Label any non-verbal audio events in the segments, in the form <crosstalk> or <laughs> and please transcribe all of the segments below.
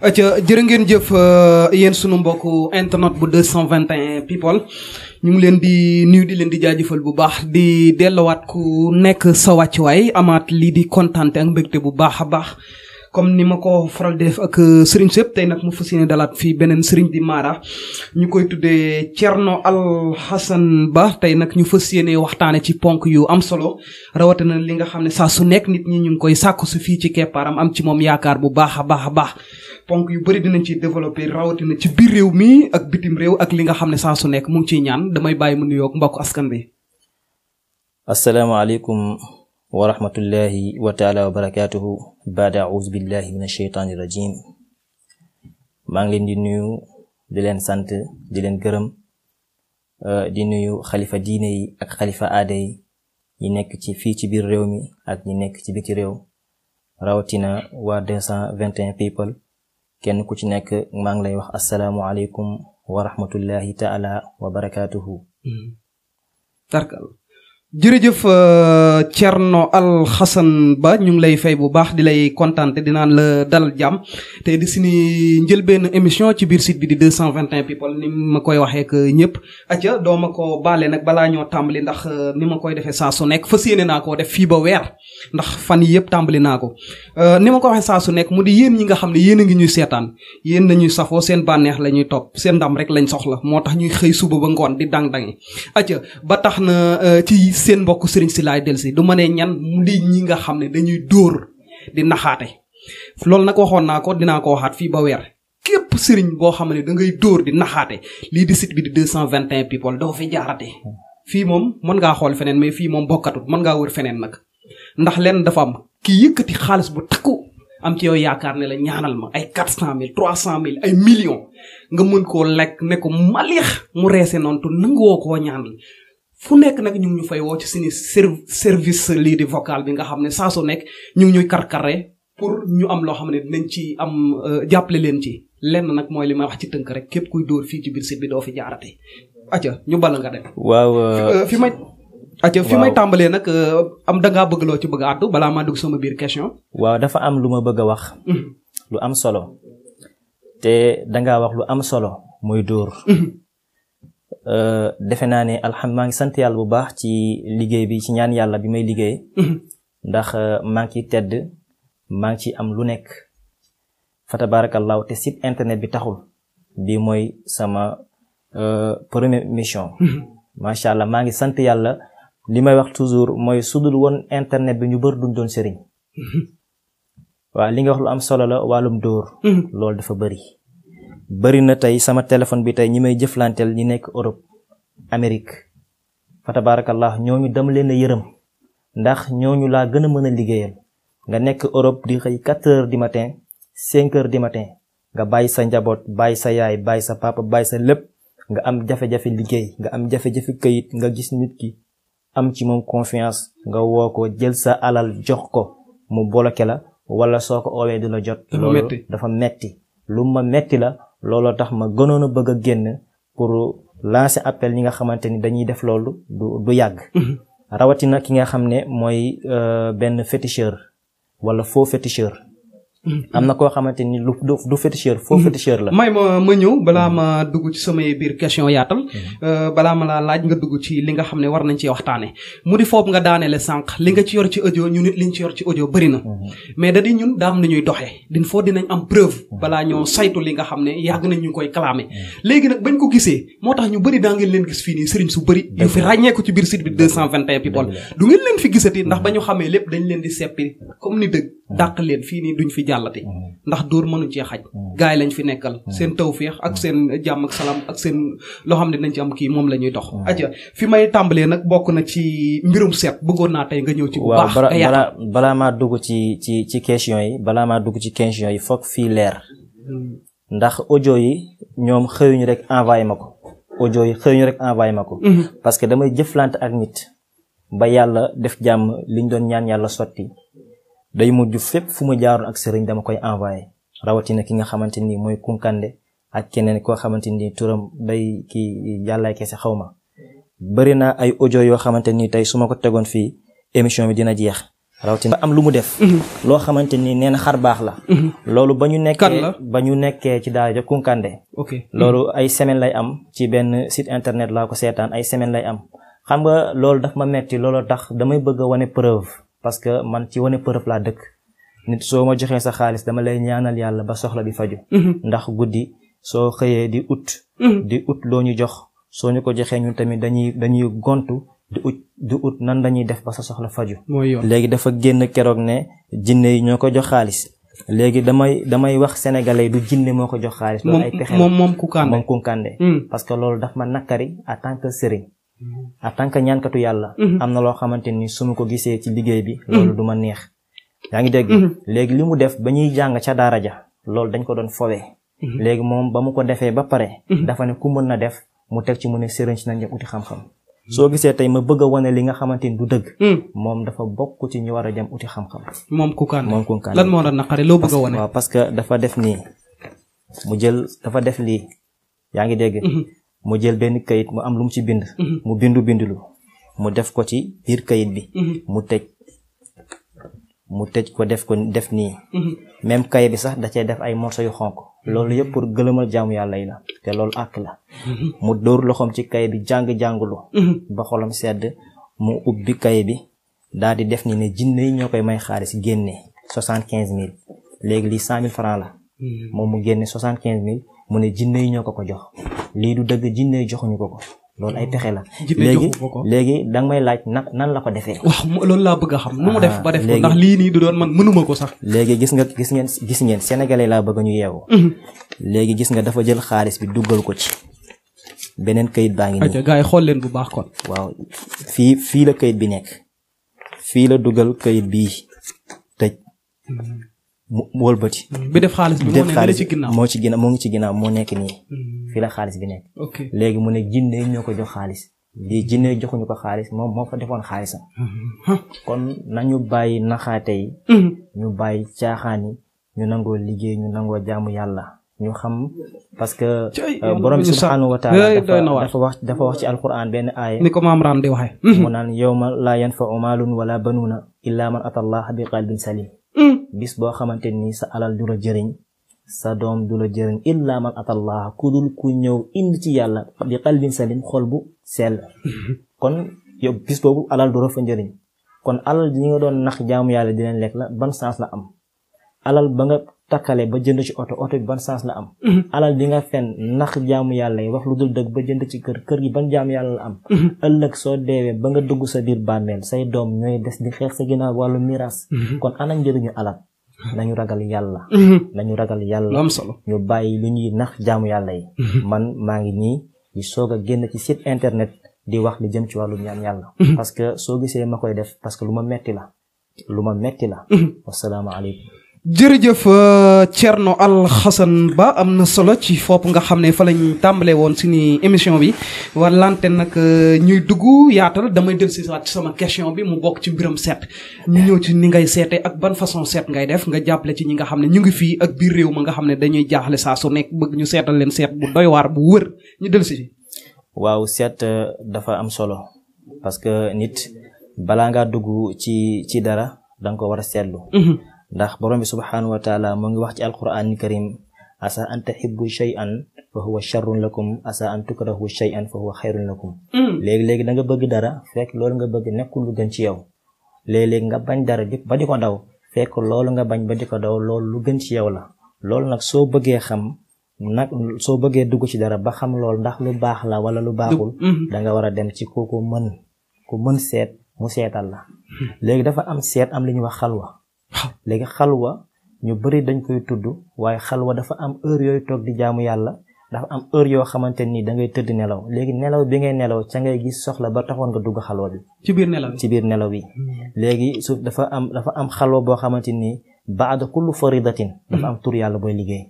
aca jërë ngeen jëf euh, yéen sunu mbokk internet bu 221 people ñu ngi leen di nuyu di leen di jaajëfal bu baax di dellowaat ku nekk sa wàccuwaay amaat lii di kontaante ak mbégte bu baax a baax comme ni ma ko faral def ak euh, sëriñ sëpp tey nag mu fas yéene dalaat fii beneen sëriñ di Mara ñu koy tuddee Thierno Al Hassane Ba tey nag ñu fas yéene waxtaane ci ponk yu am solo rawatina li nga xam ne saa su nekk nit ñi ñu ngi koy sàkku su fii ci keppaaram am ci moom yaakaar bu baax a baax a baax ponk yu bëri dinañ ci développé rawatina ci biir réew mi ak bitim réew ak li nga xam ne saa su nekk mu ngi ciy ñaan damay bàyyi mu nuyoog mbokk askan bi. asalaamaaleykum wa rahmatullahi wa taala baada auzu billahi min asheytaani rajim maa ngi leen di nuyu di leen sant di leen gërëm eh, di nuyu xalifa diine ak xalifa aada yi ñi nekk ci fii ci biir réew mi ak ñi nekk ci biti réew rawatina waa 221 people kenn ku ci nekk maa ngi lay wax asalaamualeykum wa rahmatullahi taala wa jërëjëf euh, Thierno Alhassane Ba ñu ngi lay fay bu baax di lay kontaan di naan la dal jàmm te di si suñu njëlbeen émission ci biir site bi di 221 people ni ma koy waxee ak ñëpp. acca dooma ko baale nag balaa ñoo tàmbali ndax euh, ni ma koy defee saa su nekk fa yéene naa koo def fii ba weer ndax fan yii yëpp tàmbali naa ko. Euh, ni ma ko waxee saa su nekk mu di yéen ñi nga xam ne yéen a ngi ñuy seetaan yéen nañuy safoo seen bànneex la ñuy topp seen ndam rek lañ soxla moo tax ñuy xëy suba ba ngoon di dang dangi seen mbokk sëriñ si laay delsi du ma ne ñan lii ñi nga xam ne dañuy dóor di naxaate loolu nag waxoon naa ko dinaa ko waxaat fii ba weer képp sëriñ boo xam ne da ngay dóor di naxaate lii di site bi di 221 people doo fi jaarate fii moom mën ngaa xool feneen mais fii moom bokkatut mën ngaa wër feneen nag ndax lenn dafa am kii yëkkati xaalis bu takku am ci yow yaakaar ne la ñaanal ma ay quatre cent mille trois cent mille ay millions nga mën koo lekk ne ko malix mu reese noonu tu nangoo koo ñaanal fu nekk nag ñu fay woo ci suñu service lii di vocal bi nga xam ne saa su nekk ñu ñuy ñuy karkare pour ñu am loo xam ne dinañ ci am euh, jàppale leen ci lenn nag mooy li may wax ci tënk rek képp kuy dóor fii ci biir site bi doo fi jaarate acca ñu bala nga dem waaw euh, euh, fi may acca fi may tàmbalee nag am da bëgg loo ci bëgg a balaa maa dugg sama biir question waaw dafa am lu ma bëgg a wax mm-hmm. lu am solo te dangaa wax lu am solo mooy dóor mm-hmm. Euh, defe naa ne alxam maa ngi sant yàlla bu baax ci liggéey bi ci ñaan yàlla bi may liggéey mhm. ndax euh, maa ngi ciy tedd maa ngi ci am lu nekk fa tabarakallahu te site internet bi taxul bii mooy sama euh, première mission mhm. macha allah maa ngi sant yàlla li may wax toujours mooy sudul woon internet bi ñu bari duñ doon sëriñ mhm. waaw li nga wax lu am solo la wàllum dóor loolu dafa bari bëri na tey sama téléphone bi tey ñi may jëflanteel ñi nekk Europe Amérique fa tabarakallah ñooñu dama leen a yërëm ndax ñoo ñu laa gën a mën a liggéeyal nga nekk Europe di xëy 4 heures du matin 5 heures du matin nga bàyyi sa njaboot bàyyi sa yaay bàyyi sa papa bàyyi sa lépp nga am jafe-jafe liggéey nga am jafe-jafe këyit nga gis nit ki am ci moom confiance nga woo ko jël sa alal jox ko mu bloqué la wala soo ko oowee du la jot. loolu dafa metti lu la looloo tax ma gënoon a bëgg a génn pour lancer appel ñi nga xamante ni dañuy def loolu du du yàgg. Mhm. rawatina ki nga xam ne mooy euh, benn féticheur wala faux féticheur. am na koo xamante ni mhm. la. may ma ma ñëw balaa mhm. ma dugg ci samay biir question yaatal. Mhm. Euh, balaa ma laa laaj nga dugg ci li nga xam ne war nañ ci waxtaanee mu di foofu nga daaneele sànq li nga ci yor ci audio ñu nit liñ ci yor ci audio bëri na. mais da di ñun daam na ñuy doxee din foo dinañ am preuve balaa ñoo saytu li nga xam ne yàgg nañ ñu koy clamé. léegi nag bañ ko gisee moo tax ñu bëri daa ngeen leen gis fii nii sëriñ su bëri. yu fi ràññee ko ci biir site bi 221 people du ngeen leen fi yàllati mm-hmm. ndax dóor mënu cee xaj mm-hmm. gaa yi lañ fi nekkal mm-hmm. seen tawféex ak seen jàmm ak salaam ak seen loo xam ne nañ ci am kii moom la ñuy dox aja fi may tàmbalee nag bokk na ci mbirum seet bëggoon naa tey nga ñëw ci bu baax balaa balaa maa dugg ci ci ci question yi balaa maa dugg ci question yi foog fii leer ndax ojo yi ñoom xëyuñu rek envoyé ma ko audio yi xëyuñu rek envoyé ma ko parce damay jëflante ak nit ba yàlla def jàmm liñ doon ñaan yàlla sotti day mujj fépp fu mu jaarul ak sëriñ dama koy envoyé rawatina ki nga xamante ni mooy kunkande ak keneen koo xamante ni turam day ki yàllaay kese xaw ma bëri naa ay audio yoo xamante ni tey su ma ko tegoon fii émission bi dina jeex rawatina am lu mu def mhm. loo xamante ni nee xar baax la mhm. loolu ba ñu nekkee ba ñu nekkee ci daara ja kunkande loolu ay semaine lay am ci benn site internet laa ko seetaan ay semaine lay am xam nga loolu daf ma metti looloo tax damay bëgg a wane parce que man ci wane preuve laa dëkk nit soo ma joxee sa xaalis dama lay ñaanal yàlla ba soxla bi faju mhm. ndax guddi soo xëyee di ut mhm. di ut loo ñu jox soo ñu ko joxee ñu tamit dañuy dañuy gontu du ut nan dañuy def ba sa soxla faju léegi dafa génn keroog ne jinne yi ñoo ko jox xaalis léegi damay damay wax sénégalais du jinne moo ko jox xaalis loolu ay pexe moom moom Kounkandé moom Kounkandé mm. loolu daf ma nakkari en tant sëriñ en tant que ñaankatu yàlla. Mhm. am na loo xamante ni su ko gisee ci liggéey bi. loolu mhm. du ma neex. yaa ngi dégg. Mhm. léegi li mu def ba ñuy jàng ca daara ja loolu dañ ko doon foowee léegi moom ba mu ko defee ba pare. dafa ne ku mën na def mu teg ci mu ne sëriñ si nañ dem uti xam-xam. soo gisee tey ma bëgg a wane li nga xamante ni du dëgg. moom dafa bokk ci ñu war a dem uti xam-xam. moom Kounkandé moom Kounkandé lan moo la naqari loo bëgg a wane. waaw parce que dafa def nii mu jël dafa def lii mu jël benn kayit mu am lu mu ci bind mhm. mu bindu bindulu mu def ko ci biir kayit bi mhm. mu tëj mu tëj ko def ko def nii mhm. même kayit bi sax da cee def ay morceaux yu xonq loolu yëpp pour gëlëmal jaamu yàlla yi la te loolu àkk la mu dóor loxoom ci kayit bi jàng-jàngulu ba xolam sedd mu ubbi kayit bi daal di def nii ne jinne yi ñoo koy may xaalis génne soixante léegi lii cent mille francs la moom mu génne soixante quinze mu ne jinne yi ñoo ko ko jox lii du dëgg jinne joxuñu ko ko loolu ay pexe la. léegi léegi da nga may laaj nag nan la ko defee. waaw loolu laa bëgg a xam nu mu def ah, ba def ko ndax lii nii du doon man mënuma ko sax. léegi gis nga gis ngeen gis ngeen sénégalais laa bëgg ñu yeewu. Mhm. léegi gis nga dafa jël xaalis bi duggal ko ci. beneen kayit baa ngi nii. gaa yi xool leen bu baax kon. waaw fii fii la kayit bi nekk. fii la dugal kayit bii tëj. Mhm. mu wëlbati. Mm. bi def xaalis bi moo ci moo ngi ci ginnaaw moo nekk nii. Mm. fii la xaalis bi nekk. léegi mu ne jinne ñoo ko jox xaalis. lii jinne joxuñu ko xaalis moom moo fa defoon xaalisam. Mm-hmm. kon ñu bàyyi naxaate yi. Mm-hmm. ñu bàyyi caaxaan yi ñu nangoo liggéey ñu nangoo jaamu yàlla ñu xam parce que. Euh, borom bi subhanahu wa taala dafa wax ci alquran benn aaya. ni ko maam Raan di waxee. Mm-hmm. mu naan yawma laa yanfa'u wala banuuna illaa man ataa bi qalbin salim Mm. bis boo xamante ni sa alal du la jëriñ sa doom du la jëriñ illa man atallah ku dul ku ñëw indi ci yàlla di qalbin salim xol bu sell <laughs> kon yow bis boobu alal du la fa njëriñ kon alal di nga doon nax jaamu yàlla di lekk la ban sens la am alal ba nga takkale ba jënd ci oto oto bi ban sens la am mhm. alal bi nga fen nax jaamu yàlla yi wax lu dul dëgg ba jënd ci kër kër gi ban jaamu yàlla la am mhm. ëllëg soo deewee ba nga dugg sa biir bàmmeel say doom ñooy des di xeex sa ginnaaw wàllu miraas mhm. kon ana njëriñu alal nañu ragal yàlla nañu ragal yàlla am solo ñu bàyyi lu ñuy nax jaamu yàlla yi man maa ngi nii di soog a génn ci site internet di wax li jëm ci wàllu ñaan yàlla parce que soo gisee ma koy def parce lu ma metti la lu ma metti la wasalaamaaleykum jërëjëf euh, Thierno Alhassane Ba am na solo ci foofu nga xam ne fa lañ tàmbalee woon suñu émission bi walante nag euh, ñuy dugg yaatal damay dellusi waat sama question bi mu bokk ci biram seet ñu ñëw ci ni ngay seetee ak ban façon seet ngay def nga jàppale ci ñi nga xam ne ñu ngi fii ak biir réew ma nga xam ne dañuy jaaxle saa su nekk bëgg ñu seetal leen seet bu doy waar bu wër ñu dellusi. waaw seet euh, dafa am solo parce que nit balaa ngaa dugg ci ci dara da nga ko war a seetlu. Mhm. ndax borom bi subhaanahu wa taala moo ngi wax ci alquraanil karim asa an tuhibbu shay'an fa huwa sharrun lakum asa an tukrahu shay'an fa huwa xayrun lakum mm. léegi-léegi da nga bëgg dara fekk loolu nga bëgg nekkul lu gën ci yow léeg nga bañ dara di ba di ko daw fekk loolu nga bañ ba di daw loolu lu gën ci yow la loolu nag soo bëggee xam nag soo bëggee dugg ci dara ba xam lool ndax lu baax la wala lu baaxul mm. mm-hmm. danga nga a dem ci kooku mën ku mën seet mu seetal la mm-hmm. léegi dafa am seet am li ñuy wax wa léegi xalwa ñu bari dañ koy tudd waaye xalwa dafa am heure yooyu toog di jaamu yàlla dafa am heure yoo xamante nii dangay ngay tëdd nelaw léegi nelaw bi ngay nelaw ca ngay gis soxla ba taxoon nga dugg xalwa bi ci biir nelaw ci biir nelaw bi hmm. léegi su dafa am dafa am xalwa boo xamante nii baada kullu faridatin dafa hmm. am tur yàlla booy liggéey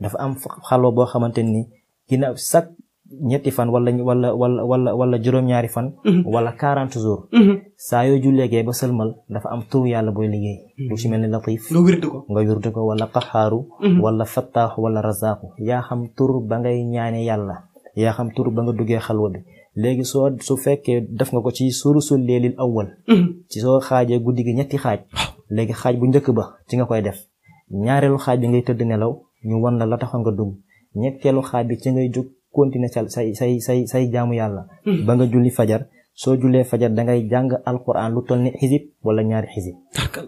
dafa am xalwa boo xamante nii ginnaaw chaque ñetti fan wala wala wala wala wala juróom-ñaari fan. Mhm. wala quarante jours. Mhm. saa yoo jullee gee ba sëlmal dafa am tur yàlla booy liggéey. Mhm. lu ci mel ni latif. nga wirdu ko nga wirdu ko wala qaxaaru. wala fattaaxu wala razaaku. yaa xam tur ba ngay ñaane yàlla. yaa xam tur ba nga duggee xalwa bi. léegi soo su fekkee def nga ko ci sulusul leelil awwal. ci soo xaajee guddi gi ñetti xaaj. léegi xaaj bu njëkk ba ci nga koy def. ñaareelu xaaj bi ngay tëdd nelaw ñu wan la la taxoon nga dugg ñetteelu continuer sa say say say say jaamu yàlla hmm. ba nga julli fajar soo jullee fajar da ngay jàng alquran lu toll ni xisib wala ñaari xisib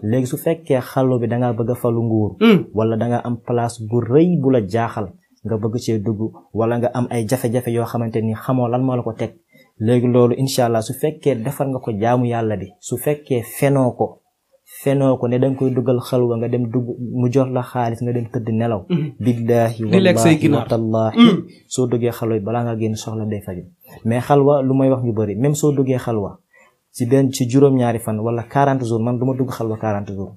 léegi su fekkee xallo bi da ngaa bëgg a falu nguur hmm. wala da nga am place bu rëy bu la jaaxal nga bëgg cee dugg wala nga am ay jafe-jafe yoo xamante ni xamoo lan moo la ko teg léegi loolu incha allah su fekkee defar nga ko jaamu yàlla bi su fekkee fenoo ko fenoo ko ne da nga koy dugal xalwa nga dem dugg mu jot la xaalis nga dem tëdd nelaw mm-hmm. billaahi wallaahi mm. watallaahi soo duggee xalwa balaa nga génn soxla day faju mais xalwa lu may wax ñu bëri même soo duggee xalwa si benn ci juróom-ñaari fan wala 40 jours man duma ma dugg xalwa 40 jours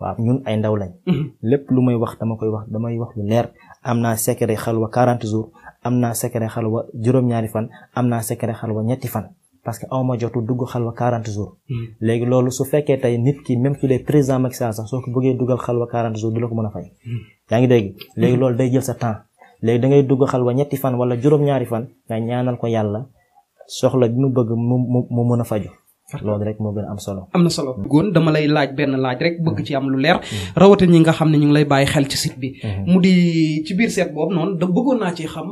waaw ñun ay ndaw lañ mm-hmm. lépp lu may wax dama koy wax damay wax lu leer am naa secret xalwa 40 jours am naa secret xalwa juróom-ñaari fan am naa secret xalwa ñetti fan parce que aw ma jotu dugg xalwa 40 jours. Hmm. léegi loolu su fekkee tey nit ki même su dee président Macky Sall sax soo ko bëggee dugal xalwa 40 jours du la ko mën a fay. Hmm. yaa ngi dégg hmm. léegi loolu day jël sa temps léegi dangay ngay dugg xalwa ñetti fan wala juróom-ñaari fan nga ñaanal ko yàlla soxla bi mu bëgg mu mu mu mën a faju loolu rek moo gën am solo. am na solo góon dama lay laaj benn laaj rek bëgg ci am lu leer mm-hmm. rawatin yi nga xam ne ñu ngi lay bàyyi xel ci site bi. Mm-hmm. mu di ci biir seet boobu noonu da bëggoon naa ci xam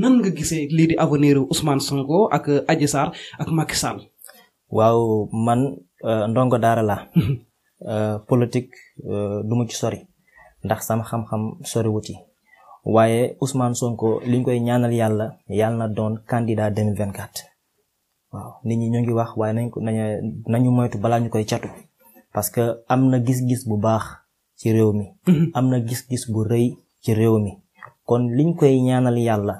nan nga gisee lii di avenir Ousmane Sonko ak Adji Sarr ak Macky Sall. waaw man euh, ndongo daara laa. polotik du mu ci sori ndax sama xam-xam sori wu ci waaye Ousmane Sonko liñ koy ñaanal yàlla yàlla na doon candidat 2024. waaw nit ñi ñoo ngi wax waaye nañ ko nañu nañu moytu balaa ñu koy catu parce que am na gis-gis bu baax ci réew mi. Mhm. am na gis-gis bu rëy ci réew mi kon liñ koy ñaanal yàlla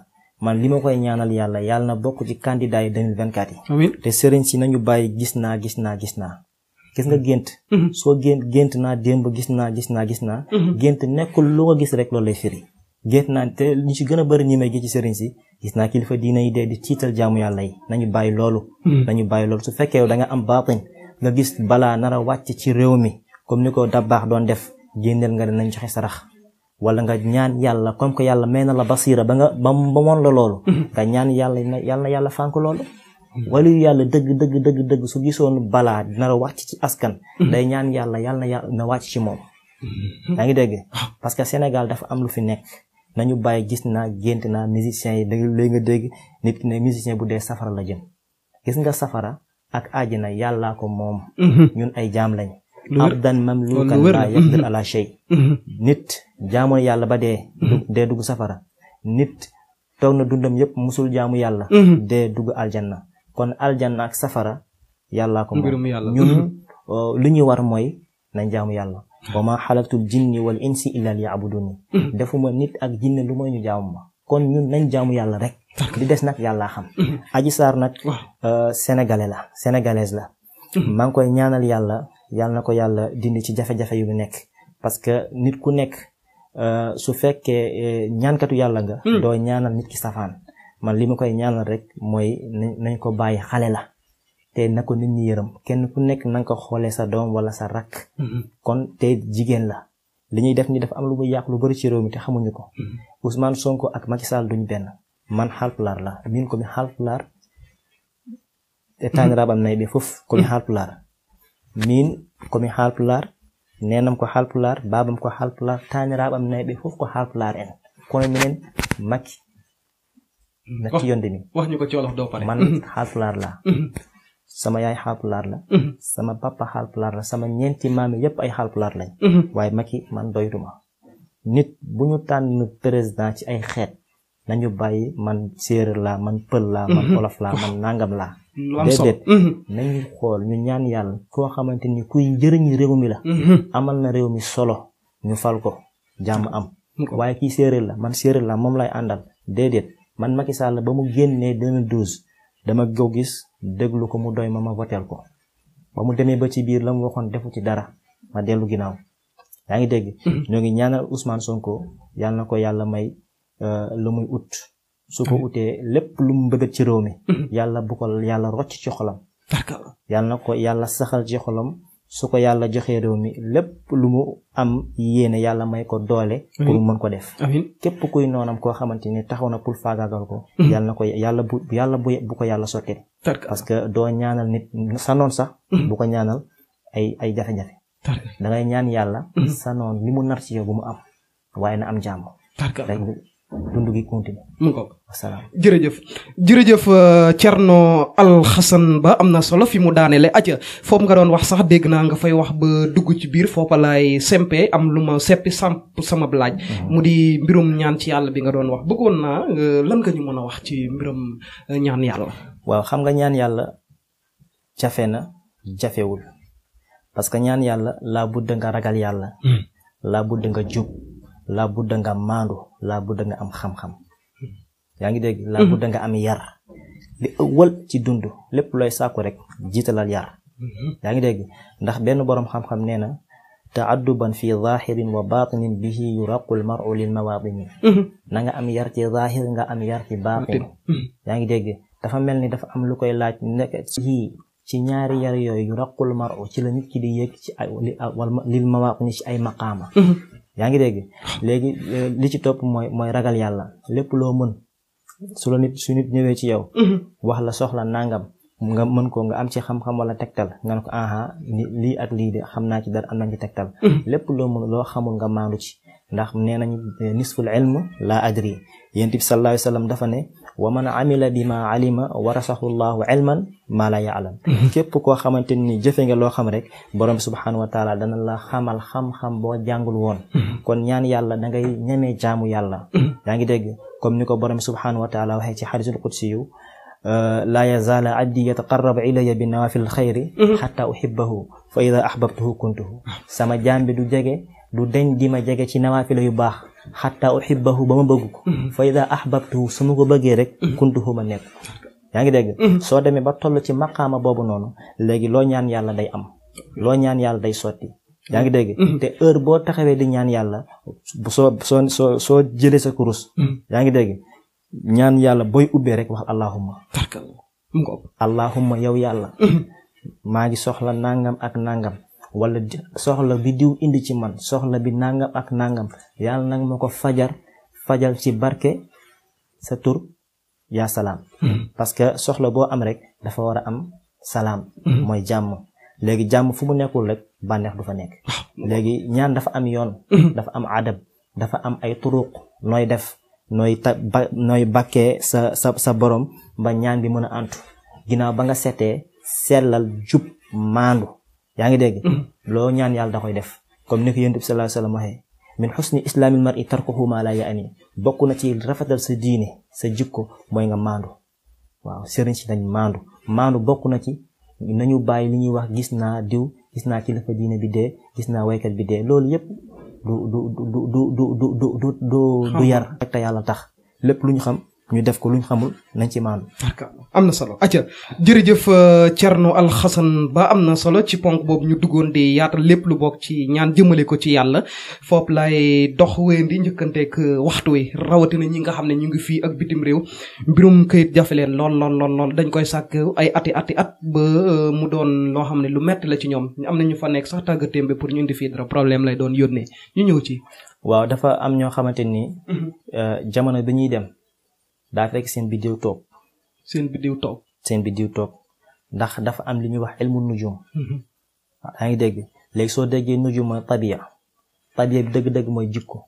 man li ma koy ñaanal yàlla yàlla na bokk ci candidat yi 2024 yi. te sëriñ si ñu bàyyi gis naa gis naa gis naa. gis nga gént. Mhm. soo gént naa démb gis naa gis naa gis naa. Mhm. gént nekkul lu nga gis rek loolu lay firi. gént naa te ñu si gën a bëri ñi may gi ci sëriñ si gis naa kilifa diina yi dee di tiital jaamu yàlla yi nañu bàyyi loolu hmm. nañu bàyyi loolu su fekkee da nga am baatin nga gis balaa nar a wàcc ci réew mi comme ni ko dabbaax doon def génneel nga danañ joxe sarax wala nga ñaan yàlla comme que yàlla na la basiira ba nga ba moon la loolu hmm. nga ñaan yàlla na yàlla na yàlla fànk loolu hmm. walu yàlla dëgg dëgg dëgg dëgg su gisoon balaa nar a wàcc ci askan day ñaan yàlla yàlla na yàlla na wàcc ci moom yaa ngi dégg ah. parce que Sénégal dafa am lu fi nekk nañu bàyyi gis naa gént naa musicien yi dégg léegi nga dégg nit ki ne musicien bu dee safara la jëm gis nga safara ak àjjana yàllaa ko moom mhm. ñun ay jaam lañ abdan mamlukan laa yaqdir mhm. ala shay mhm. nit jaamoon yàlla ba dee dee dugg safara nit toog na dundam yëpp musul jaamu yàlla dee dugg aljanna kon aljana ak safara yàllaa ko moom ñun euh, li ñuy war mooy nañ jaamu yàlla wa ma xalaqtul jinni wal insi illa liya'buduni mhm. defuma nit ak jinne lu mooy ñu jaamu ma kon nañ jaamu yàlla rek di des nag yàllaa xam mhm. aji Sarr nag euh, sénégalais la sénégalaise la mhm. maa ngi koy ñaanal yàlla yàlla na ko yàlla dindi ci jafe-jafe yu nekk parce que nit ku nekk euh, su fekkee euh, ñaankatu yàlla nga doo ñaanal nit ki safaan man li mu koy ñaanal rek mooy nañ ko bàyyi xale la te na ko nit ñi yërëm kenn ku nekk na nga xoolee sa doom wala sa rakk. Mm-hmm. kon te jigéen la. li ñuy def ni dafa am lu muy yàq lu bari ci réew mi te xamuñu ko. Mm-hmm. Ousmane Sonko ak Macky Sall duñ benn. man Haalpulaar la min ko mi Haalpulaar. te mm-hmm. taaniraabam nay bi foofu ko mi Haalpulaar. ko mi Haalpulaar. nenam ko Haalpulaar baabam ko Haalpulaar taaniraabam nay bi foofu ko Haalpulaar en. kono minen Macky. ci yonde mi wax ñu ko ci la sama yaay xaalpulaar la mhm. sama papa xaalpulaar la sama ñeenti maami yépp ay xaalpulaar lañ mhm. waaye Macky man doyuma nit bu ñu tànn président ci ay xeet nañu bàyyi man séeréer la man pël la man mhm. olof la man nangam laa déedéet nañu xool ñu ñaan yàlla koo xamante ni kuy njëriñi réew mi la amal na réew mi solo ñu fal ko jàmm am waaye kii séeréer la man séeréer la moom lay àndal déedéet man Macky Sall ba mu génnee 2012 dama ko gis déglu ko mu doy ma ma voteel ko ba mu demee ba ci biir la mu waxoon defu ci dara ma dellu ginnaaw yaa ngi dégg. Mhm. ñoo ngi ñaanal Ousmane Sonko yàlla na ko yàlla may euh, lu muy ut. su ko mhm. utee lépp lu mu bëgg ci réew mi. Mhm. yàlla bu ko yàlla rocc ci xolam. yàlla na ko yàlla saxal ci xolam. su ko yàlla joxee réew mi lépp lu mu am yéene yàlla may ko doole pour mën ko def képp kuy noonam koo xamante ni taxaw na pour faagaagal ko mhm. yàlla na ko yàlla bu yàlla bu ko yàlla sotti parce que doo ñaanal nit sa noon sax mhm. bu ko ñaanal ay ay jafe-jafe da ngay ñaan yàlla mhm. sa noon li mu nar ci yow bu mu am waaye na am jàmm dund gi continué. mu ngoog asalaam jërëjëf jërëjëf euh, Thierno Alhassane Ba am na solo fi mu daanelee aca foofu nga doon wax sax dégg naa nga fay wax ba dugg ci biir foofa laay sempe am lu ma seppi samp sama laaj. Mhm. mu di mbirum ñaan ci yàlla bi nga doon wax bëggoon naa euh, lan nga ñu mën a wax ci mbirum euh, ñaan yàlla. waaw xam nga ñaan yàlla jafe na jafewul parce que ñaan yàlla laa budd nga ragal yàlla. Hmm. laa budd nga jub. laa budda nga maandu am xam-xam yaa ngi dégg mhm. laa budda nga am yar li ëwwal ci dund lépp looy sàkku rek jiitalal yar mhm. yaa ngi dégg ndax benn boroom xam-xam nee na taadduban fi zahirin wa batinin bihi yuraqul mar'u lil mawaatini mhm. na nga am yar ci zahir nga am yar ci baatin yaa ngi dégg dafa mel ni dafa am lu koy laaj nekk ci ñaari yar yooyu yuraqul mar'u la nit ki di lil mawaatini ci ay maqaama yaa ngi dégg léegi euh, li ci topp mooy mooy ragal yàlla lépp loo mën su la nit su nit ñëwee ci yow. Mhm. wax la soxla nangam nga mën ko nga am ci xam-xam wala tegtal nga ne ko aha lii ak lii de xam naa ci dara am nañ ci tegtal. Mhm. lépp loo mën loo xamul nga maandu ci ndax nee nañu nisful ilm laa adri yéen bi sallallahu alayhi dafa ne. wa man amila bi ma alima warasahu llahu ilman maa la yaalam mhm. képp koo xamante ni jëfe nga loo xam rek borom bi subhanahu wa taala dana la xamal xam-xam boo jàngul woon mhm. kon ñaan yàlla da ngay ñemee jaamu yàlla mhm. yaa ngi dégg comme ni ko borom bi subhanahu wa taala waxee ci xadisul qudsi yu euh, laa yazaala abdi yataqarraba ilaya bi nawafil xayri xata uhibbahu fa ida ahbabtuhu kuntuhu sama jaam bi du jege du deñ di ma jege ci nawafila yu baax xataa uhibbahu ba ma bëgg ko mm-hmm. fa ida ahbabtuhu su ma ko bëggee rek mm-hmm. kuntuhu ma nekk mm-hmm. yaa ngi dégg soo demee ba toll ci maqaama boobu noonu léegi loo ñaan yàlla day am loo ñaan yàlla day sotti yaa ngi dégg te heure boo taxawee di ñaan yàlla soo soo soo soo jëlee sa kurus yaa ngi dégg ñaan yàlla booy ubbee rek wax allahumma allahumma yow yàlla maa ngi soxla nangam ak nangam wala soxla bi diw indi ci man soxla bi nangam ak nangam yàlla nag ma ko fajar fajal ci barke sa tur yaa salaam hmm. parce que soxla boo am rek dafa war a am salaam hmm. mooy jàmm léegi jàmm fu mu nekkul rek bànneex du fa nekk ah, léegi ñaan dafa am yoon hmm. dafa am adab dafa am ay turuq nooy def nooy ta ba nooy bakkee sa sa sa borom ba ñaan bi mën a antu ginnaaw ba nga setee selal jub maandu yaa ngi dégg loo ñaan yàlla da koy def comme ni ko yonent bi sallallahu alayhi wasallam waxee min xusni islaamil mar'i tarkuhu maa laa ya'ni bokk na ci rafetal sa diine sa jikko mooy nga maandu waaw sëriñ si nañ maandu maandu bokk na ci nañu bàyyi li ñuy wax gis naa diw gis naa kilifa diine bi dee gis naa waykat bi dee loolu yépp du du du du du yar rek tax lépp lu ñu xam ñu def ko lu ñu xamul nañ ci maandu. am na solo acca jërëjëf euh, Thierno Alhassane Ba am na solo ci ponk boobu ñu duggoon di yaatal lépp lu bokk ci ñaan jëmale ko ci yàlla foofu laay dox wéyandi njëkkanteeg euh, waxtu wi rawatina ñi nga xam ne ñu ngi fii ak bitim réew mbirum kayit jafe leen lool lool lool dañ koy sàkk ay ati ati at ba euh, mu doon loo xam ne lu metti la ci ñoom am na ñu fa nekk sax tàggatémbe pour ñu indi fii dara problème lay doon yónnee ñu ñëw ci. waaw dafa am ñoo xamante ni. Mhm. jamono bi dem. daa fekk seen biddiw toog. seen biddiw toog. seen biddiw toog ndax dafa am li ñuy wax ilmu nujum. Mhm. yaa ngi dégg léegi soo déggee nujum mooy tabiya tabiya bi dëgg-dëgg mooy ko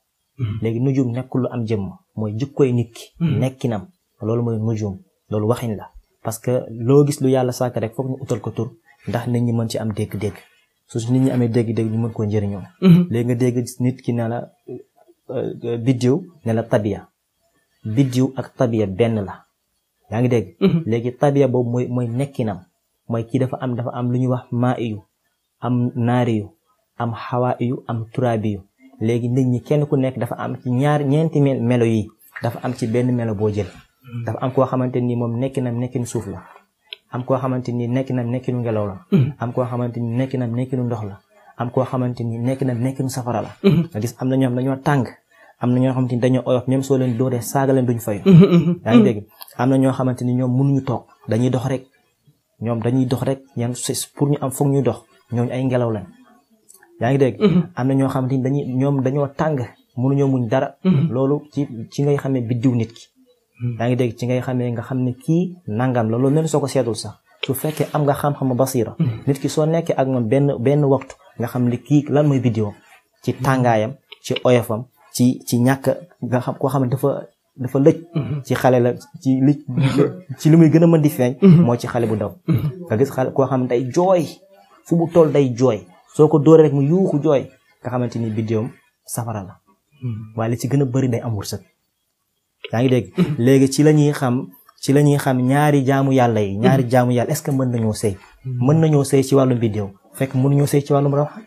mhm. léegi nujum nekkul lu am jëmm mooy koy nit ki. Mhm. nekkinam loolu mooy nujum loolu waxin la parce que loo gis lu yàlla sàkk rek foog ñu utal ko tur ndax nit ñi mën ci am dégg-dégg su nit ñi amee dégg-dégg ñu mën koo njëriñoo. léegi nga dégg nit ki ne la euh, euh, biddiw ne la biddiw ak tabiya benn la yaa ngi dégg mhm. léegi tabiya boobu mooy mooy nekkinam mooy kii dafa am dafa am lu ñuy wax maa iyu am naari am xawaa iyu am turaabi léegi nit ñi kenn ku nekk dafa am ci ñaar ñeenti melo yi dafa am ci benn melo boo jël mhm. dafa am koo xamante ni moom nekkinam nekkin suuf la am koo xamante ni nekkinam nekkinu ngelaw la mhm. am koo xamante ni nekkinam nekkinu ndox la am koo xamante ni nekkinam nekkinu safara la nga gis am na ñoom dañoo tàng am na ñoo xamante ni dañoo oyof même soo leen dooree saaga leen duñ fayu <laughs> mm-hmm, mm-hmm. yaa ngi am na ñoo xamante ni ñoom mënuñu toog dañuy dox rek ñoom dañuy dox rek ñan pour ñu am foog ñuy dox ñooñu ay ngelaw lañ yaa ngi dégg mm-hmm. na ñoo xamante ni dañuy ñoom dañoo tàng mënuñoo muñ dara loolu ci ci ngay xamee biddiw nit ki yaa ngi dégg ci ngay xamee nga xam ne kii nangam la loolu même soo ko seetul sax su fekkee am nga xam-xamu basira nit ki soo nekkee ak moom benn benn waxtu nga xam ne kii lan mooy biddiwam ci tàngaayam ci oyofam ci ci ñàkk xam koo xam ne dafa dafa lëj mhm. ci xale la ci lu <laughs> muy gën a mën di feeñ mhm. moo ci xale bu daw mhm. nga gis xale koo xam ne day jooy fu mu toll day jooy soo ko dóoree rek mu yuuxu jooy nga xamante ni biddéewam safara la waaye li ci gën a bëri day am wërsëg yaa ngi dégg léegi ci la ñuy xam ci la ñuy xam ñaari jaamu yàlla yi ñaari jaamu yàlla est-ce que mën nañoo sëy mën na nañoo sëy ci wàllum biddéew fekk mënuñoo sëy ci wàllum rawaxaan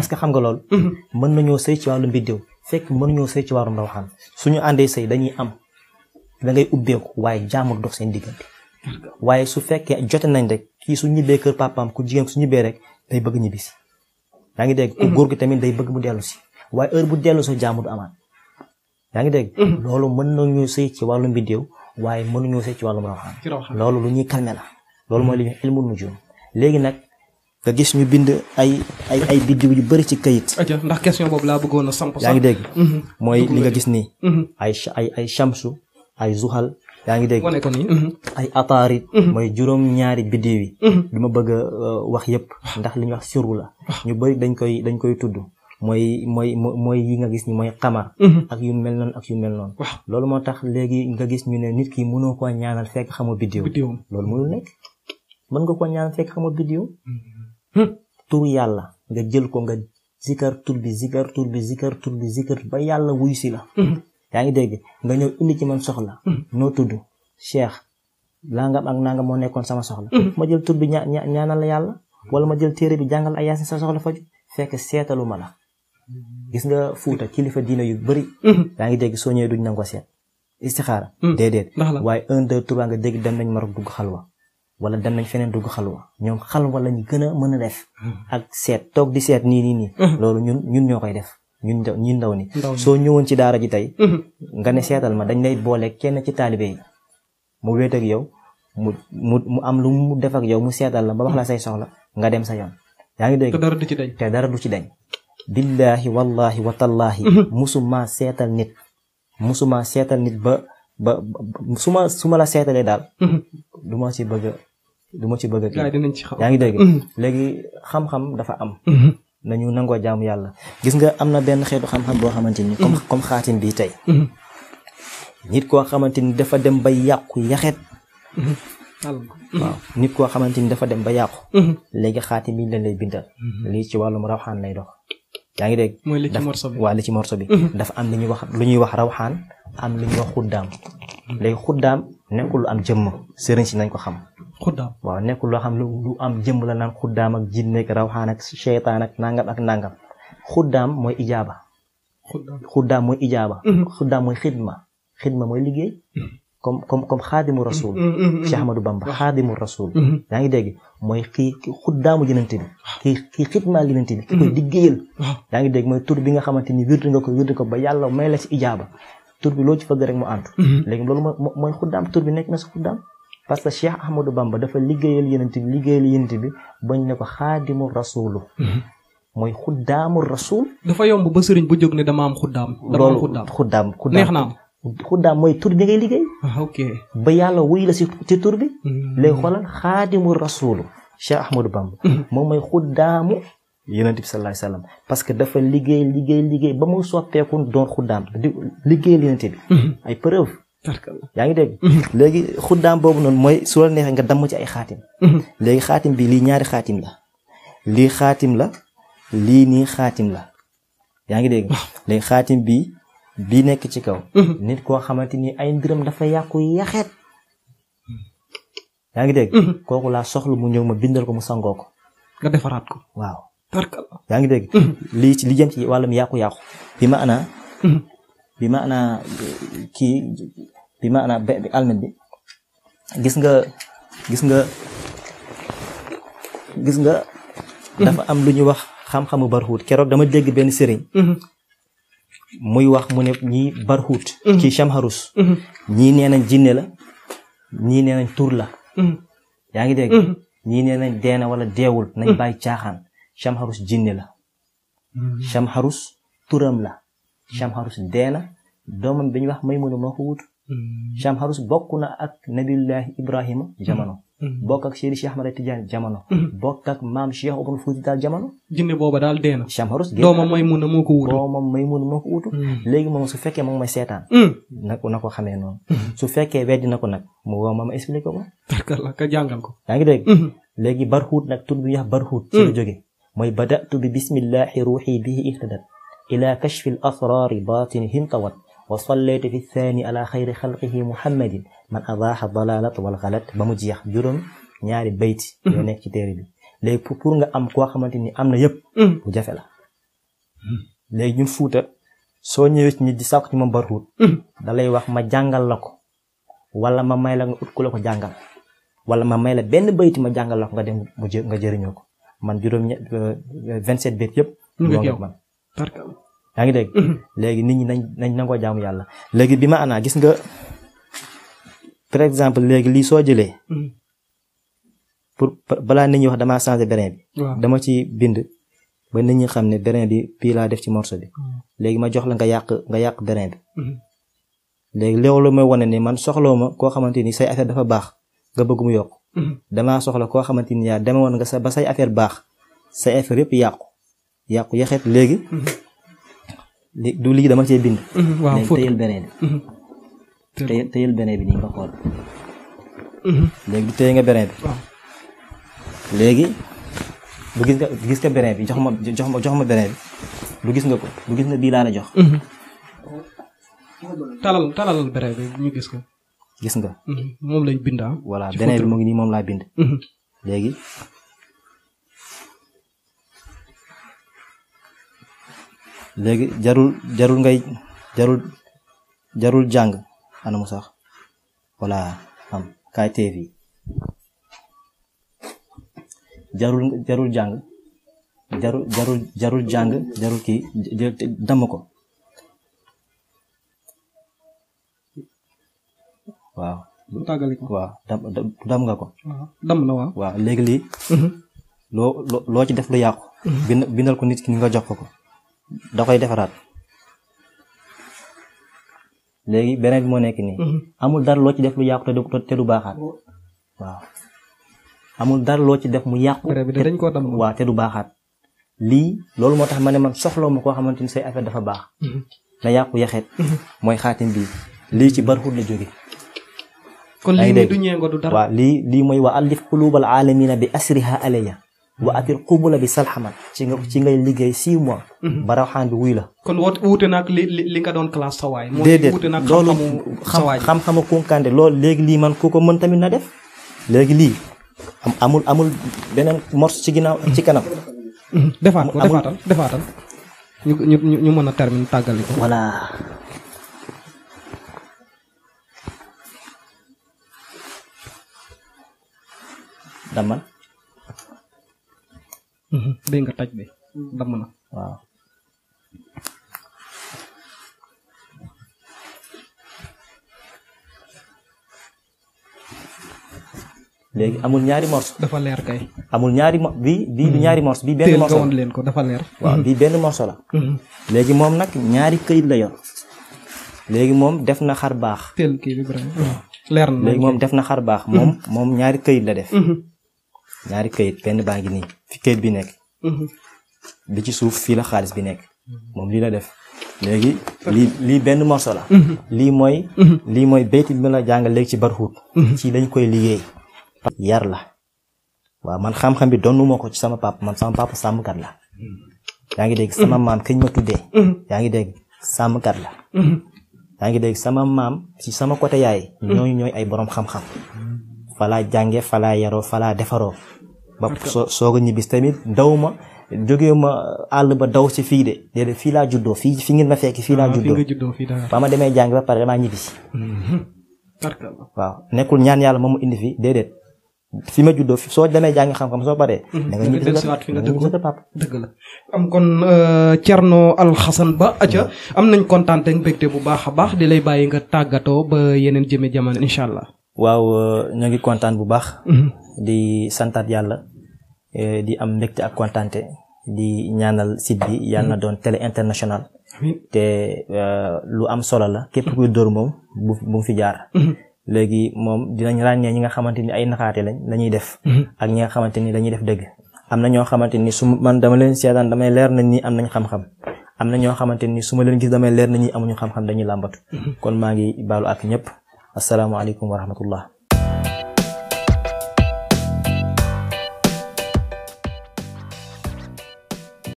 est-ce xam nga loolu. Mm-hmm. mën nañoo sëy ci wàllu biddew fekk mënuñoo sëy ci wàllu rawaxaan suñu àndee sëy dañuy am da ngay ubbeeku waaye jaamu dox seen waaye su fekkee jote nañ rek kii su ñibbee kër papaam jigéen su ñibbee rek day bëgg ñibbi si. ngi dégg mm-hmm. góor gi tamit day bëgg mu dellu si waaye heure bu dellu si jaamu du amaat ngi dégg. Mm-hmm. loolu mën nañu sëy ci wàllum biddew waaye mënuñoo sëy ci wàllum rawaxaan. loolu lu ñuy calmer la. loolu mooy li ñuy ilmu nujum léegi nag nga gis ñu bind ay ay ay biddiw yu bëri ci kayit. ndax question boobu laa bëggoon a samp sax yaa ngi dégg. Mhm. mooy li nga gis nii. Mhm. ay ay ay shamsu ay zuhal. yaa ngi dégg mhm. ay ataarit mooy juróom ñaari biddiw yi. du bëgg a wax yépp ndax li ñuy wax siru la. Ah. ñu dañ koy dañ koy tudd. mooy mooy mooy yi nga gis ni mooy xamar ak yu mel noonu ak yu mel noonu loolu moo tax léegi nga gis ñu ne nit ki mënoo koo ñaanal fekk xamoo biddiw loolu mënul nekk mën nga koo ñaanal fekk xamoo biddiw turu yàlla nga jël ko nga zikar tur bi zikar tur bi zikar tur bi zikar ba yàlla wuyu si la yaa ngi dégg nga ñëw indi ci man soxla noo tudd cheikh langam ak nangam moo nekkoon sama soxla ma jël tur bi ña ñaanal yàlla wala ma jël téere bi jàngal ay yaasin sa soxla faju fekk seetalu ma la gis nga fuuta kilifa diina yu bëri yaa ngi dégg soo ñëwee duñ nango seet istixaara déedéet waaye un deux trois nga dégg dem nañ Maroc dugg xalwa wala dem nañ feneen dugg xalwa ñoom xalwa lañu gën a mën a def hmm. ak seet toog di seet nii nii nii hmm. loolu ñun ñun ñoo koy def ñun ndaw ñun ndaw ni soo ñëwoon ci daara ji tey hmm. nga ne seetal ma dañ lay boole kenn ci taalibe yi mu wéet ak yow mu mu mu am lu mu def ak yow mu seetal la ba wax la say la nga dem sa yoon yaa ngi dégg te dara du ci dañ te dara du ci dañ billaahi wallaahi wa tallaahi musuma seetal nit musuma seetal nit ba ba su ma su ma la seetalee daal du ma ci bëgg du ma ci bëgg ak yaa ngi dégg mm-hmm. léegi xam-xam dafa am mm-hmm. nañu nangoo jaamu yàlla gis nga am na benn xeetu xam-xam boo xamante ni comme mm-hmm. comme xaatin bi tey nit koo xamante ni dafa dem ba yàqu yaxet waaw nit koo xamante ni dafa dem ba yàqu léegi xaatim bi lañ lay bindal lii ci wàllum rawxaan lay dox yaa ngi dégg waa li ci morso bi dafa am lu ñuy wax lu ñuy wax am lu ñuy wax xuddaam léegi xuddaam nekkul am jëmm sëriñ nañ ko xam. xuddaam nekkul loo xam lu am jëmm la naan xuddaam ak jinne ak rawxaan ak seytaan ak nangam ak nangam xuddaam mooy ijaaba. xuddaam mooy ijaaba. Mm-hmm. xuddaam mooy xidma xidma mooy liggéey. Mm-hmm. comme comme comme xaadimu rasul. Mm-hmm. Cheikh Ahmadou Bamba xaadimu rasul. yaa ngi dégg mooy kii xuddaamu jënante bi. kii kii xidmaa jënante bi. ki koy liggéeyal. Ah. yaa ngi dégg mooy tur bi nga xamante ni wirdu nga ko wirdu ko ba yàlla may la ci ijaaba. tur bi loo ci fëgg rek mu ànd mhm. léegi loolu moo mooy xuddaam tur bi nekk na sa xuddaam parce que Cheikh Ahmadou Bamba dafa liggéeyal yenent bi liggéeyal yenent bi bañ ne ko xaadimu rasulu mhm. dafa yomb ba sëriñ bu jóg ne dama am xuddaam dama am xuddaam xuddaam neex na am xuddaam mooy tur bi ngay liggéey ah, ba yàlla wuy la si ci tur bi mhm. léegi xoolal xaadimu rasulu Cheikh Ahmadou Bamba moom mooy xuddaamu yonent bi sallallahu alayhi wa parce que dafa liggéey liggéey liggéey ba mu soppeeku doon xuddaam di liggéeyal yonent bi mhm. ay preuve yaa ngi dégg mhm. léegi xuddaam boobu noonu mooy su la neexee nga damm ci ay xaatim mhm. léegi xaatim bi lii ñaari xaatim la lii la lii nii xaatim la yaa ngi dégg léegi bi bii nekk ci kaw nit koo xamante ni ay mbiram dafa yàqu yaxeet yaa ngi dégg kooku laa soxlu mu ñëw ma bindal ko mu sangoo ko nga defaraat ko yaa ngi dégg mm-hmm. lii ci li jëm ci yàqu-yàqu bi ma ana mm-hmm. bi ma ana bi ma ana almet bi gis nga gis nga gis nga mm-hmm. dafa am lu ñuy wax xam-xamu barxuut keroog dama dégg benn sëriñ muy wax mu ne ñii barxuut kii chamharus ñii nee nañ jinne la ñii nee nañ tur la yaa ngi dégg ñii nee na deena wala deewul nañ bàyyi caaxaan Shamharus jinne la. Mm-hmm. Shamharus turam la. Shamharus dee na doomam bi ñuy wax Maymuna moo ko wut. Mm-hmm. Shamharus bokk na ak Nabiyullahi Ibrahima jamono. Mm-hmm. bokk ak Seydi Cheikh Ahmad Tidiane jamono. bokk ak maam Cheikh Oumar Fouti Tall jamono. jinne booba daal dee na. Shamharus génn doomam Maymuna moo ko wutu. doomam Maymuna moo léegi moom su fekkee moom mooy seetaan. na ko na ko xamee noonu. su fekkee weddi na ko nag mu woo ma ma expliqué ko. ka jàngal ko. yaa ngi dégg. léegi barxuut nag tur bi ñuy wax barxuut. ci la jógee. mooy badatu bi bismillahi ruuxi bihi ihtadat ila kashfi al asraari baatinihim tawat wa sallaytu fi thani ala xayri xalqihi muhammadin man adaaxa dalalat wal xalat ba mu jeex juróom ñaari bayti mm-hmm. yoo nekk ci pour nga am koo xamante ni am na yëpp mm-hmm. bu jafe la mm-hmm. léegi fuuta soo ñëwee ci nit di sàkku ci moom wax ma jàngal la ko wala ma may la nga ut ku la ko jàngal wala ma may la benn bayti ma jàngal la ko nga dem nga jëriñoo ko man juróom ñe euh, euh, vingt sept béet yëpp loolu man yaa ngi dégg mhm. léegi nit ñi nañ nañ nangoo jaamu yàlla léegi bi ma anaa gis nga par exemple léegi lii soo jëlee mhm. balaa nit ñi wax damaa sange brin bi dama ci bind ba nit ñi xam ne brin bi pii laa def ci morceau bi mhm. léegi ma jox la nga yàq nga yàq brin bi léegi loolu mooy wane ni man soxloo ma koo xamante ni say affaire dafa baax nga bëgg mu yokk damaa soxla koo xamante ni yaa demewoon nga sa ba say affaire baax say affaire yëpp yàqu yàqu yaxet léegi du lii dama cee bind mhm, waaw tëyal beneen bi mhm. tëyal beneen bi nii nga xool mhm. léegi du tëye nga beneen bi léegi du gis nga gis bi jox ma jox ma jox ma beneen bi du gis nga ko du gis nga bii laa la jox gis nga. Mm-hmm. moom lañ bind ah. voilà beneen bi mu ngi nii moom laa bind. Mm-hmm. léegi. jarul jarul ngay jarul jarul jàng ana mu sax voilà am kaay tey jarul jarul jàng jarul jarul jarul jàng jarul kii damm ko. waaw. bu tàggali ko waaw dam dam nga ko. dam na waaw. waaw léegi lii. Mhm. loo loo ci def lu yàqu. Mhm. bind bindal ko nit ki ni nga jox ko ko. da koy defaraat. léegi beneen bi moo nekk nii. Mhm. amul dara loo ci def lu yàqu te du te du baaxaat. waaw amul dara loo ci def mu yàqu. te dañ koo dam waaw te baaxaat. lii loolu moo tax ma ne man soxla ma koo xamante ni say affaire dafa baax. na yàqu yaxet. mooy xaatim bii lii ci barxut la jóge kon lii nii du ñeengo du dara waaw lii lii mooy wa allif qulubal alamina bi asriha alayya wa atir qubula bi salxaman ci nga ci ngay liggéey six mois mhm. ba rawxaan bi wuy la kon woot na naag li li nga doon classe sawaay déedéet loolu xam xam-xama kunkande loolu léegi lii man ku ko mën tamit na def léegi lii amul amul beneen morse ci ginnaaw ci kanam mhm. defaat ko defaatal defaatal ñu ñu ñu mën a termine tàggali ko voilà damman mhm. dégg nga taj léegi amul ñaari morse dafa leer kay amul ñaari mo bi bii mhm. ñaari morse bi benn morse la leen ko dafa leer mhm. benn morse la léegi moom nag ñaari këyit la yor léegi moom def na xar baax teel kii leer léegi moom def na xar baax moom moom ñaari këyit la def ñaari kayit benn baa ngi nii fi këyit bi nekk. Mhm. bi ci suuf fii la xaalis bi nekk. Mhm. moom lii la def léegi lii lii benn morceau la. Mhm. lii mooy. lii mooy béyti bi ma la jàngal ci barxuut. ci lañ koy liggéey. yar la waaw man xam bi donnu ko ci sama papa man sàmmkat la. yaa ngi dégg sama maam këñ ma tuddee. yaa ngi dégg sàmmkat la. yaa ngi dégg sama maam ci sama côté yaay. ñooñu ñooy ay boroom xam-xam. falaa jànge falaa yaroo falaa defaroo. ba soo soog a ñibbis tamit daw ma jóge ma àll ba daw si fii de déedéet fii laa juddoo fii fi ngeen ma fekk fii laa ah, juddoo ba ma demee jàng ba pare damaa ñibbisi mhm. waaw nekkul ñaan yàlla moom mu indi fii déedéet fi ma juddoo soo demee jàngi xam-xam soo baree. Mhm. da nga dellusiwaat dëgg la am kon euh, Thierno Alhassane Ba aca am nañ kontaan ak mbégte bu baax a baax di lay bàyyi nga tàggatoo ba yeneen jëme jamono incha allah. waaw euh, ñu ngi kontaan bu baax. Mhm. di santaat yàlla eh, di am mbégte ak kontante di ñaanal site bi yàlla na mm. doon télé international te eh, lu am solo la képp kuy dóor moom bu mu fi jaar mm-hmm. léegi moom dinañ ràññee ñi nga xamante ni ay naxaate lañ dañuy def mm-hmm. ak ñi nga xamante ni dañuy def dëgg am na ñoo xamante ni su man dama leen seetaan damay leer nañ ni am nañ xam am na ñoo xamante ni su ma leen gis damay leer nañu amuñu xam-xam dañuy làmbatu mm-hmm. kon maa ngi baalu ak ñëpp asalaamaaleykum wa rahmatullah